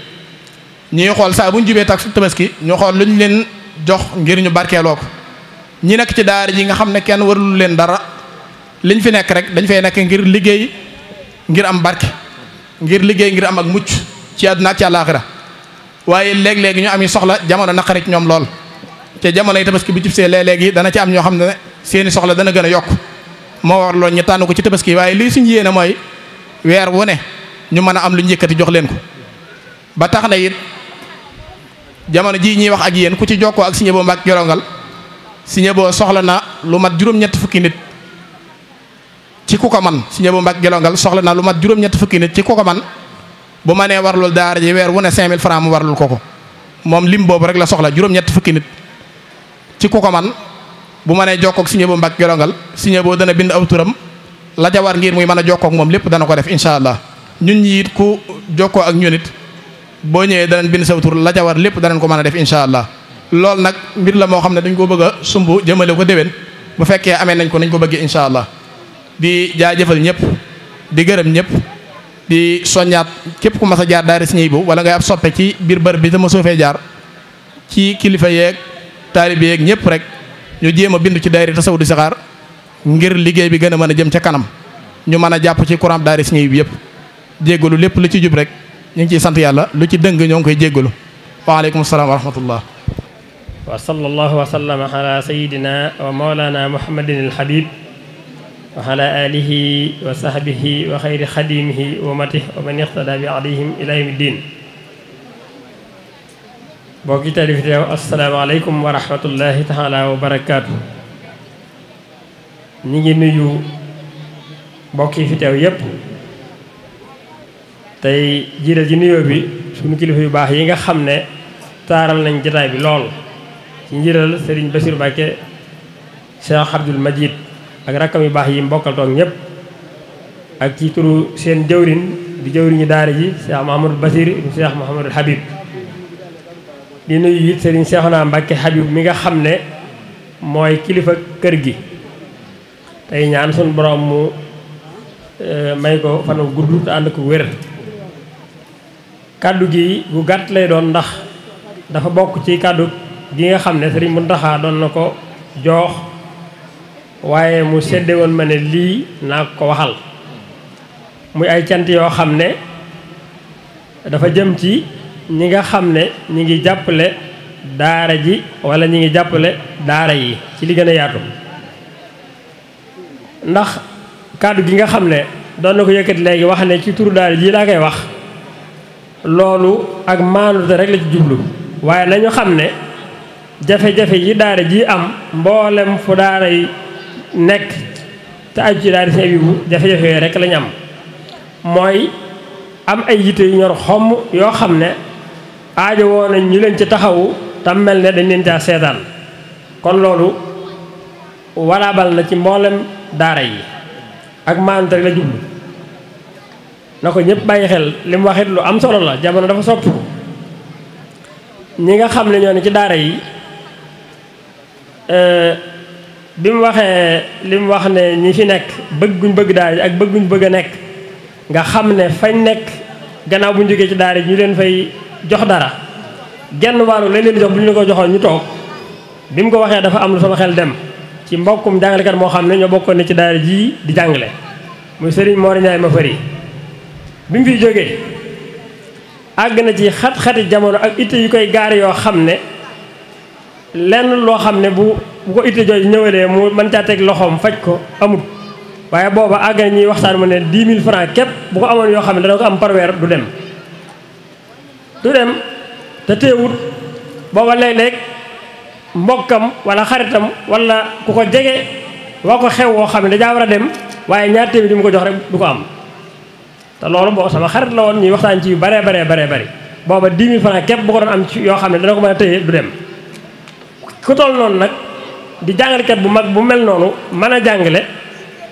ñuy xool saa bu ñu jubee su tabaski ñu xool lu ñu leen jox ngir ñu barkeeloo ko ñi nekk ci daara ji nga xam ne kenn warul leen dara liñ fi nekk rek dañu fay nekk ngir liggéey ngir am barke ngir liggéey ngir am ak mucc ci àdduna ak ci àllaaxira waaye léeg-léegi ñu am yi soxla jamono naqari ci ñoom lool ca jamonoy tabaski bu jubsee lee léegi dana ci am ñoo xam ne seeni soxla dana gën a yokk moo war loolu ñu tànn ko ci tabaski waaye lii suñ yéene mooy weer wu ne ñu mën a am lu njëkkati jox leen ko ba tax na it jamono jii ñuy wax ak yéen ku ci jokkoo ak Sëñ Abo Mbàkke Gelongal Sëñ soxla na lu mat juróom-ñett fukki nit ci ku ko man Sëñ Abo Mbàkke Gelongal soxla na lu mat juróom-ñett fukki nit ci ku ko man bu ma war warlul daara ji weer wu ne 5000 francs mu warlul ko ko moom lim boobu rek la soxla juróom fukki nit ci ku ko man bu ma nee jokkoog Sëriñ Abo Mbàkke Gelongal Sëriñ dana bind aw turam la jawar ngir muy man a jokkoo moom lépp dana ko def incha allah ñun ñi it ku jokkoo ak ñun boo ñëwee danañ bind saw tur la jawar lépp danañ ko mën a def incha allah loolu nag mbir la moo xam ne dañ ko bëgg a sumb jëmale ko déwén bu fekkee amee nañ ko nañ ko bëggee incha allah di jaajëfal ñëpp di gërëm ñëpp di soññaat képp ku mas a jaar daar Sëriñ Abo wala ngay ab soppe ci biir bër bi te ma jaar ci kilifa yeeg taalibe yeeg ñëpp rek ñu jéem a bind ci daayira tasawu di saxaar ngir liggéey bi gën a mën a jëm ca kanam ñu mën a jàpp ci courant daari si bi yëpp jéggalu lépp lu ci jub rek ñu ngi ciy sant yàlla lu ci dëng ñoo ngi koy jéggalu waaleykum salaam wa rahmatullah wa sallallahu wa sallama ala sayidina wa mawlana muhammadin alhabib wa ala wa sahbihi wa xayri wa matih wa man ixtada bi alayhim ila yawmi mbokki tali fi teew asalaamaaleykum wa rahmatullahi taala wa barakaatu ñi ngi nuyu mbokki fi teew yépp tey jiital ci nuyoo bi suñu kilifa yu baax yi nga xam ne taaral nañ jataay bi lool ci njiital sëriñ Bassirou Mbacké Cheikh Abdoul Majid ak rakkam yu baax yi mbokkal toog ñépp ak ci turu seen jëwrin bi jëwriñu daara ji Cheikh Mahamadou Basir Cheikh Mahamadou Habib di nuyu it Serigne Cheikhouna Mbacke Habib mi nga xam ne mooy kilifa kër gi tey ñaan suñu borom mu eh, may ko fanu gudd te ànd ko wér kàddu gi gu gàtt lay doon ndax dafa bokk ci kàddu gi nga xam ne Serigne Mountakha doon na ko joox waaye mu seddewoon woon ma ne lii naa ko waxal muy ay cant yoo xam ne dafa jëm ci ñi nga xam ne ñi ngi jàppale daara ji wala ñi ngi jàppale daara yi ci li yaatu ndax kàddu gi nga xam ne doon na ko yëkkati léegi wax ne ci turu daara ji laa koy wax loolu ak maanute rek la ci jublu waaye nañu xam ne jafe-jafe yi daara ji am mboolem fu daara yi nekk te aju ci daara Sëriñ Abiibu jafe-jafe yooyu rek lañ am mooy am ay yite yu ñor xomm yoo xam ne aajo woo nañ ñu leen ci taxawu tam mel ne dañ leen caa seetaan kon loolu walaabal na ci mboolem daara yi ak maante la jublu na ko ñëpp bàyyi xel li mu waxit lu am solo la jamono dafa soppiku ñi nga xam ne ñoo ne ci daara yi eh, bi mu waxee li mu wax ne ñi fi nekk bëgguñ bëgg daara yi ak bëgguñ bëgg a nekk nga xam ne fañ nekk gannaaw bu ñu jógee ci daara yi ñu leen fay jox dara genn wàllu lañ leen jox bu ñu la ko joxoon ñu toog bi mu ko waxee dafa am lu sama xel dem ci mbokkum jàngalekat moo xam ne ñoo bokkoon ne ci daara ji di jàngale muy Serigne Mor Ndiaye ma fëri bi mu fiy jógee àgg na ci xat-xati jamono ak itte yu koy gaar yoo xam ne lenn loo xam ne bu bu ko itte jooju ñëwalee mu mën caa teg loxoom faj ko amut waaye booba àgg na ñuy waxtaan mu ne 10 000 francs képp bu ko amoon yoo xam ne dana ko am par du dem du dem te teewut booba léeg-léeg mbokkam wala xaritam wala ku ko jege woo ko xew woo xam ne dañaa war a dem waaye ñaar téeméer yi mu ko jox rek du ko am te loolu boo sama xarit la woon ñuy waxtaan ci yu baree baree baree bëri booba 10 000 francs képp bu ko doon am yoo xam ne dana ko mën a téye du dem ku toll noonu nag di jàngalekat bu mag bu mel noonu mën a jàngale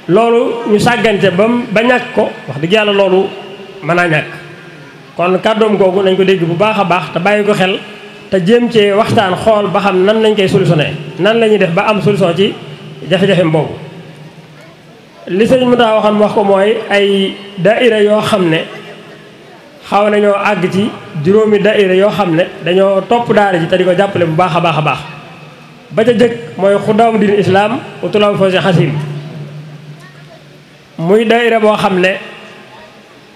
loolu ñu sàggante ba ba ñàkk ko wax dëgg yàlla loolu mën a ñàkk kon kàddoom googu nañ ko dégg bu baax a baax te bàyyi ko xel te jéem cee waxtaan xool ba xam nan lañ koy solutionné nan la ñuy def ba am solution ci jafe-jafem boobu li sëñ mu daa waxoon wax ko mooy ay da daayira yoo xam ne xaw nañoo àgg ci juróomi daayira yoo xam ne dañoo topp daara ji te di ko jàppale bu baax a baax a baax ba ca jëkk mooy xuddaam din islaam utulaam foosi xasim muy daayira boo xam ne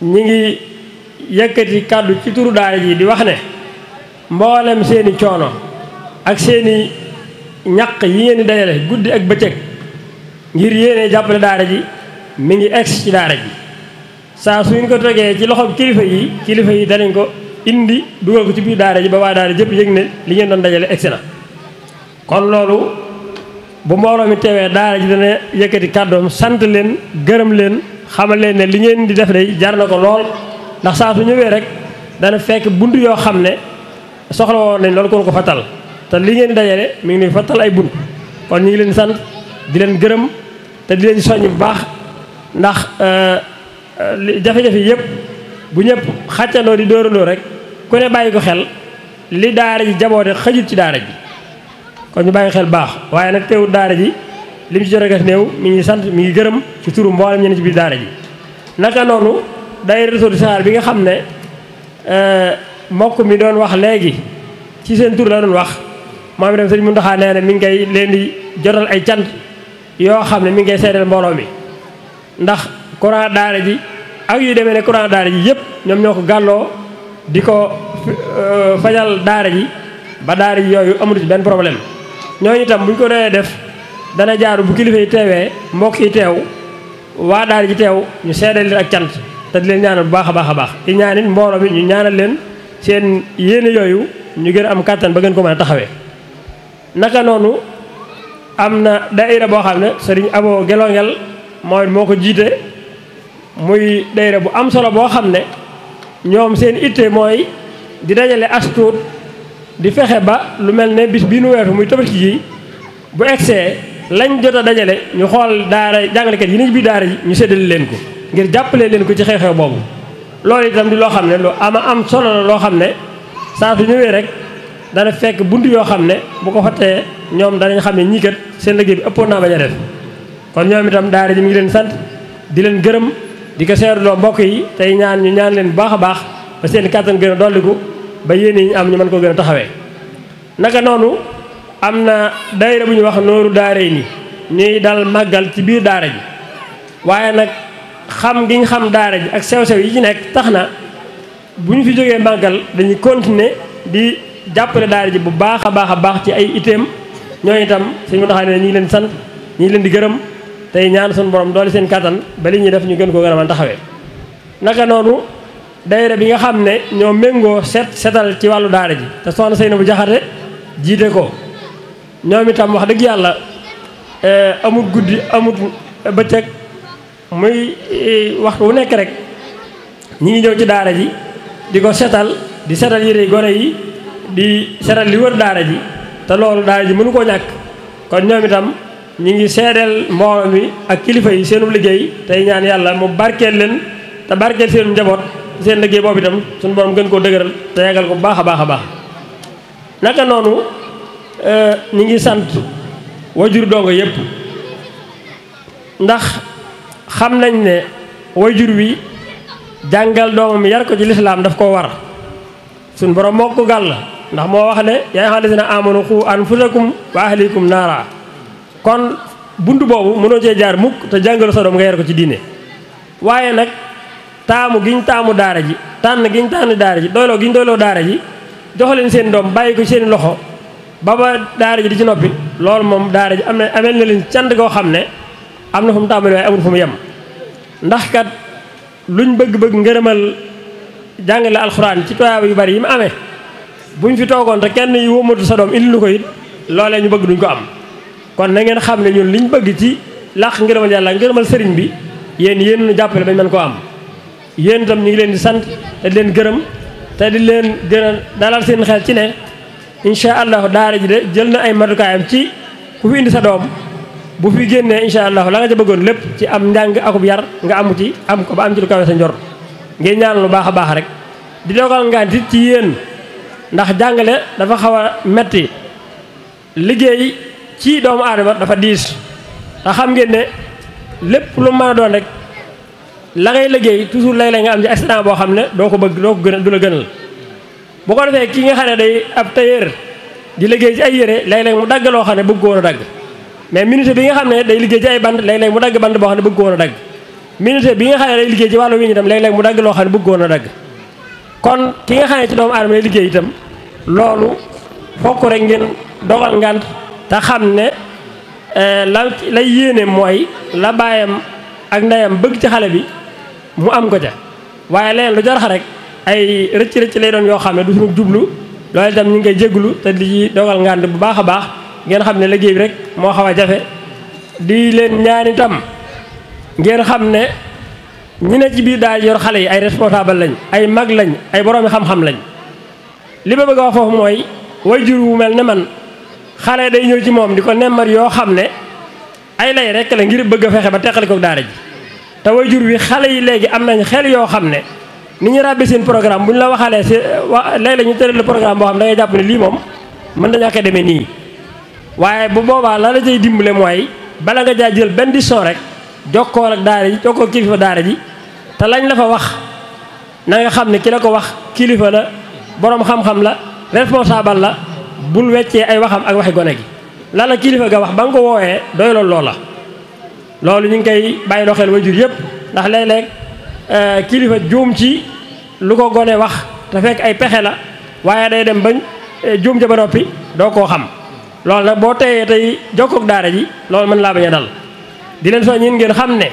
ñi ngi yëkkati kàddu ci turu daara ji di wax ne mboolem seeni coono ak seeni ñaq yi ngeen di dajale guddi ak bëccëg ngir yéene jàppale daara ji mi ngi egsi ci daara ji saa suñ ko tegee ci loxoom kilifa yi kilifa yi danañ ko indi dugal ko ci biir daara ji ba waa daara jëpp yëg ne li ngeen doon dajale egsi na kon loolu bu mbooloo mi teewee daara ji dana yëkkati kàddoom sant leen gërëm leen xamal leen ne li ngeen di def day jar na ko lool ndax saa su ñëwee rek dana fekk bunt yoo xam ne soxla woon nañ loolu kon ko fattal te li ngeen di dajale mi ngi ne fattal ay bunt kon ñu ngi leen sant di leen gërëm te di leen soññ bu baax ndax euh, jafe-jafe yëpp bu ñëpp xàccandoo di dóorandoo rek ku ne bàyyi ko xel li daara ji jaboote xajut ci daara ji kon ñu bàyyi xel baax waaye nag teewul daara ji li mu ci jot a néew mi ngi sant mi ngi gërëm ci turu mboolem ñeneen ci biir daara ji naka noonu day réseau saxaar bi nga xam ne euh, mbokk mi doon wax léegi ci seen tur la doon wax moom itam sëñ Muntaxa nee na mi ngi koy leen di jotal ay cant yoo xam ne mi ngi koy seedeel mbooloo mi ndax courant daara ji ak yuy demee ne courant daara ji yëpp ñoom ñoo ko gàlloo di ko euh, fajal daara ji ba daara ji yooyu amul ci benn problème ñooñu itam bu ko doyee def dana jaaru bu kilifa yi teewee mbokk yi teew waa daara ji teew ñu seedeel ak cant te di leen ñaanal bu baax a baax i baax di ñaanit mbooloo bi ñu ñaanal leen seen yéene yooyu ñu gën am kàttan ba gën ko mën a taxawee naka noonu am na daayira boo xam ne sëriñ Abo Gelongel mooy moo ko jiite muy daayira bu am solo boo xam ne ñoom seen itte mooy di dajale astuut di fexe ba lu mel ne bis bii nu weer weetu muy tabaski yi bu egsee lañ jot a dajale ñu xool daara jàngalekat yi ni bii daara yi ñu séddale leen ko ngir jàppale leen ko ci xew-xew boobu loolu itam di loo xam ne loo am am solo la loo xam ne saa su ñëwee rek dana fekk bunt yoo xam ne bu ko xottee ñoom danañ xam ne ñii kat seen liggéey bi ëppoon naa bañ a def kon ñoom itam daara ji mi ngi leen sant di leen gërëm di ko seetloo mbokk yi tey ñaan ñu ñaan leen bu baax a baax ba seen kàttan gën a dolliku ba yéen yi ñu am ñu mën ko gën a taxawee naka noonu am na daayira bu ñu wax nooru daara yi nii ñuy dal màggal ci biir daara ji xam gi ñu xam daara ji ak sew-sew yi ci nekk tax na bu ñu fi jógee màggal dañuy continuer di jàppale daara ji bu baax a baax a baax ci ay iteem ñoo itam suñu mu ne ñu ngi leen sant ñu ngi leen di gërëm tey ñaan suñu borom doole seen kattan ba li ñuy def ñu gën ko gën a mën taxawee naka noonu daayira bi nga xam ne ñoo méngoo set setal ci wàllu daara ji te soxna Seyna bu jaxate jiite ko ñoom itam wax dëgg yàlla eh, amut guddi amut bëccëg muy eh, waxtu wu nekk rek ñi ngi ñëw ci daara ji di ko setal di setal yére gone yi di setal li wër daara ji te loolu daara ji mënu koo ñàkk kon ñoom itam ñi ngi seedeel mbooloo mi ak kilifa yi seenu liggéey tey ñaan yàlla mu barkeel leen te barkeel seenu njaboot seen liggéey boobu itam suñu borom gën koo dëgëral te yàggal ko bu baax a baax a baax naka noonu eh, ñi ngi sant wajur dongo yépp ndax xam nañ ne wayjur wi jàngal doomam yar ko ci lislaam daf ko wara suñ borom moo ko gàll ndax moo wax ne yaa xam ne amanu xu anfusakum wa ahlikum naara kon bunt boobu mënoo cee jaar mukk te jàngalu sa doom yar ko ci diine waaye nag taamu giñ taamu daara ji tànn giñ tànn daara ji doyloo giñ doyloo daara ji jox leen seen doom bàyyi ko seen loxo ba ba daara ji di ci noppi loolu moom daara ji am na amel cant koo xam ne am na fu mu tàmbali waaye fu mu yem ndax kat luñ bëgg-bëgg ngërëmal jàngale alxuraan ci toyaaba yu bari yi mu amee buñ fi toogoon te kenn yi wóomatu sa doom indi lu ko loolee ñu bëgg duñ ko am kon na ngeen xam ne ñun liñ bëgg ci làq ngërëmal yàlla ngërëmal sëriñ bi yéen yéen ñu jàppale bañ mën ko am yéen itam ñu ngi leen di sant te di leen gërëm te di leen gën dalal seen xel ci ne incha allahu daara ji de jël na ay matukaayam ci ku fi indi sa doo bu fi génnee incha allah la nga bëggoon lépp ci am njàng akub yar nga amu ci am ko ba am ci lu kawe sa njor ngeen ñaan lu baax a baax rek di dogal ngaan tit ci yéen ndax jàngale dafa xaw a metti liggéey ci doomu aadama dafa diis te xam ngeen ne lépp lu mën a doon rek la léggéey liggéey toujours lay lay nga am ci accident boo xam ne doo ko bëgg doo ko gën du la gënal bu ko defee kii nga xam ne day ab tailleur di liggéey ci ay yére léeg mu dagg xam ne bëgg ko woon a dagg mais minute bi nga xam ne day liggéey ci ay band léeg-léeg mu dagg band boo xam ne bëgg ko woon a dagg minute bi nga xam ne day liggéey ci wàllu wi ñu itam léeg-léeg mu dagg loo xam ne bëgg a kon ki nga xam ne ci doomu aadama liggéey itam loolu fokk rek ngeen dogal ngant te xam ne eh, la lay yéene mooy la baayam ak ndeyam bëgg ci xale bi mu am ko ca waaye leneen lu jarxa rek ay rëcc rëcc lay doon yoo xam ne du suñu jublu loolu itam ñu ngi koy jégalu te di dogal ngant bu baax a baax ngeen xam ne liggéey bi rek moo xaw a jafe di leen ñaan tam ngeen xam ne ñi ne ci biir daal yor xale yi ay responsable lañ ay mag lañ ay boroomi xam-xam lañ li ma bëgg a wax foofu mooy jur wu mel ne man xale day ñëw ci moom di ko nemmar yoo xam ne ay lay rek la ngir bëgg a fexe ba teqali ko daara ji te jur wi xale yi léegi am nañ xel yoo xam ne ni ñu ràbbi seen programme bu ñu la waxalee si wa léeg-léeg ñu tëral le programme boo xam da ngay jàpp lii moom mën na ñàkk a demee nii waaye bu boobaa la la cay dimbale mooy bala nga jaa jël benn décision rek jokkoo ak daara ji jokkoo kilifa daara ji te lañ la fa wax na nga xam ne ki la ko wax kilifa la boroom xam-xam la responsable la bul weccee ay waxam ak waxi gone gi la kilifa ga wax ba nga ko woowee doy loolu la loolu ñu ngi koy bàyyi loo xel wajur yëpp ndax léeg-léeg euh, kilifa juum ci lu ko gone wax te fekk ay pexe la waaye day dem ba euh, juum ja ba noppi doo koo xam loolu na boo teyee tey jokkoog daara ji loolu mën laa bañ a dal di leen soññin ngeen xam ne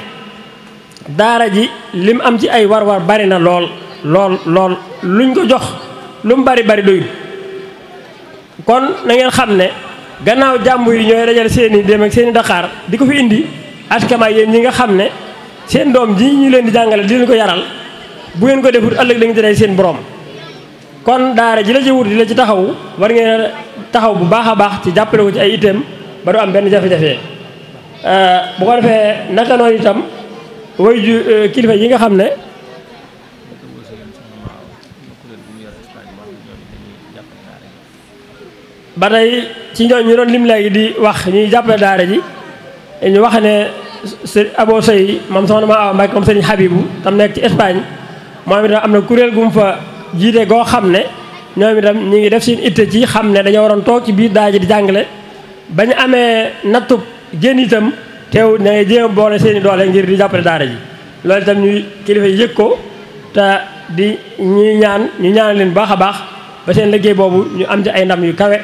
daara ji lim am ci ay war-war bari na lool lool lool luñ ko jox lu bari bari doyul kon na ngeen xam ne gannaaw jàmbur yi ñooy dajal seen i dem ak seeni i daqaar di ko fi indi askama yéen ñi nga xam ne seen doom ji ñu leen di jàngale di leen ko yaral bu ngeen ko defut ëllëg da ngeen seen borom kon daara ji la ci wut di la ci taxawu war ngeen taxaw bu baax a baax ci jàppale ko ci ay itam ba du am benn jafe-jafe euh, bu ko defee naka noonu itam way ju euh, kilifa yi nga xam ne ba tey ci ñooñ ñu doon lim léegi di wax ñuy jàppale daara ji ñu wax ne sëriñ Abo Sey moom soxna ma Awa Mbacke moom sëriñ Habibu tam nekk ci Espagne moom itam am na kuréel gu fa jiite goo xam ne ñoom itam ñi ngi def seen itte ci xam ne dañoo waroon toog ci biir daara ji di jàngale bañ amee nattub génn itam teew na ngay jéem boole seeni doole ngir di jàppale daara ji loolu itam ñuy kilifa yi ko te ñaan ñu ñaan leen baax a baax ba seen liggéey boobu ñu am ci ay yu kawe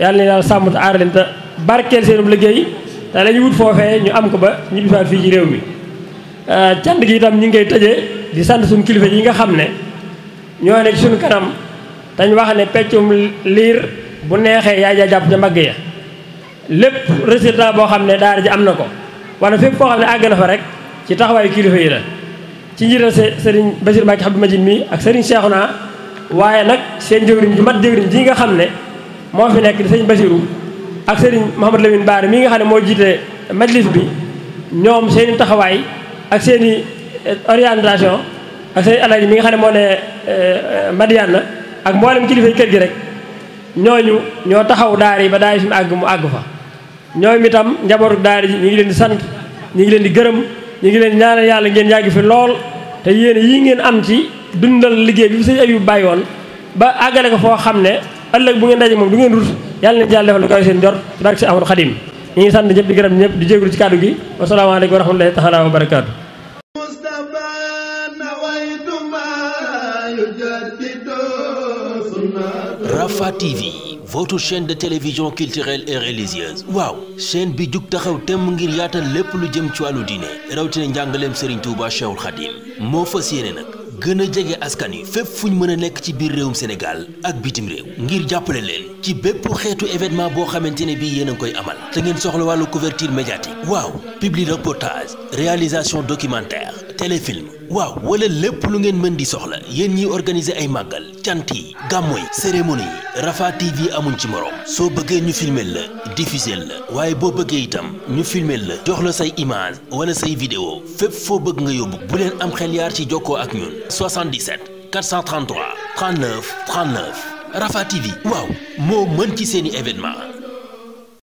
yàlla na sàmm te aar leen te barkeel ñu am ko ba ñu fii ci réew mi euh, cant gi ñu ngi di sant suñu kilifa yi nga xam ne ñoo nekk ci kanam dañ wax ne peccum liir bu neexee yaay ja jàpp ca mbagg ya lépp résultat boo xam ne daar ji am na ko wala fépp foo xam ne àgg na fa rek ci taxawaayu kilifa yi la ci njiital sëriñ Basiir Mbàkke Abdou Majid mi ak sëriñ Seexuna waaye nag seen jëwriñ ju mat jëwriñ ji nga xam ne moo fi nekk di sëriñ Basiiru ak sëriñ Baar mi nga xam ne moo jiite majlis bi ñoom seeni taxawaay ak seeni eh, orientation ak seen alal yi mi nga xam ne moo ne eh, eh, Madiana ak mboolem kilifay kër gi rek ñooñu ñoo taxaw daara yi ba daara yi àgg mu àgg fa ñoom itam njabootu daara ji ñu ngi leen di sant ñu ngi leen di gërëm ñu ngi leen di ñaanal yàlla ngeen yàgg fi lool te yéen yi ngeen am ci dundal liggéey bi sëñ yu bàyyi woon ba àggale ko foo xam ne ëllëg bu ngeen daje moom du ngeen rut yàlla na yàlla defal lu koy seen jor ci barke si Ahmadu Xadim ñu ngi sant ñëpp di gërëm ñëpp di jégalu ci kàddu gi wasalaamaaleykum wa rahmatullahi taala wa barakaatu Rafah TV votre chaîne de télévision culturelle et religieuse waaw chaîne bi jug taxaw temm ngir yaatal lépp lu jëm ci wàllu diine rawatina njàngaleem Serigne Touba Cheikhul Khadim moo fas yéene nag gën a jege askan yi fépp fu ñu mën a nekk ci biir réewum Sénégal ak bitim réew ngir jàppale leen ci bépp xeetu événement boo xamante ne bii yéen a koy amal te ngeen soxla wàllu couverture médiatique waaw publi reportage réalisation documentaire téléfilm waaw wala lépp lu ngeen mën di soxla yéen ñiy organiser ay màggal cant yi gàmmu yi cérémonie yi Rafah TV amuñ ci morom soo bëggee ñu filmeel la diffuseel la waaye boo bëggee itam ñu filmeel la jox la say image wala say vidéo fépp foo bëgg nga yóbbu bu am xel ci jokkoo ak ñun 77 433 39 39 Rafah TV waaw moo mën ci seeni événement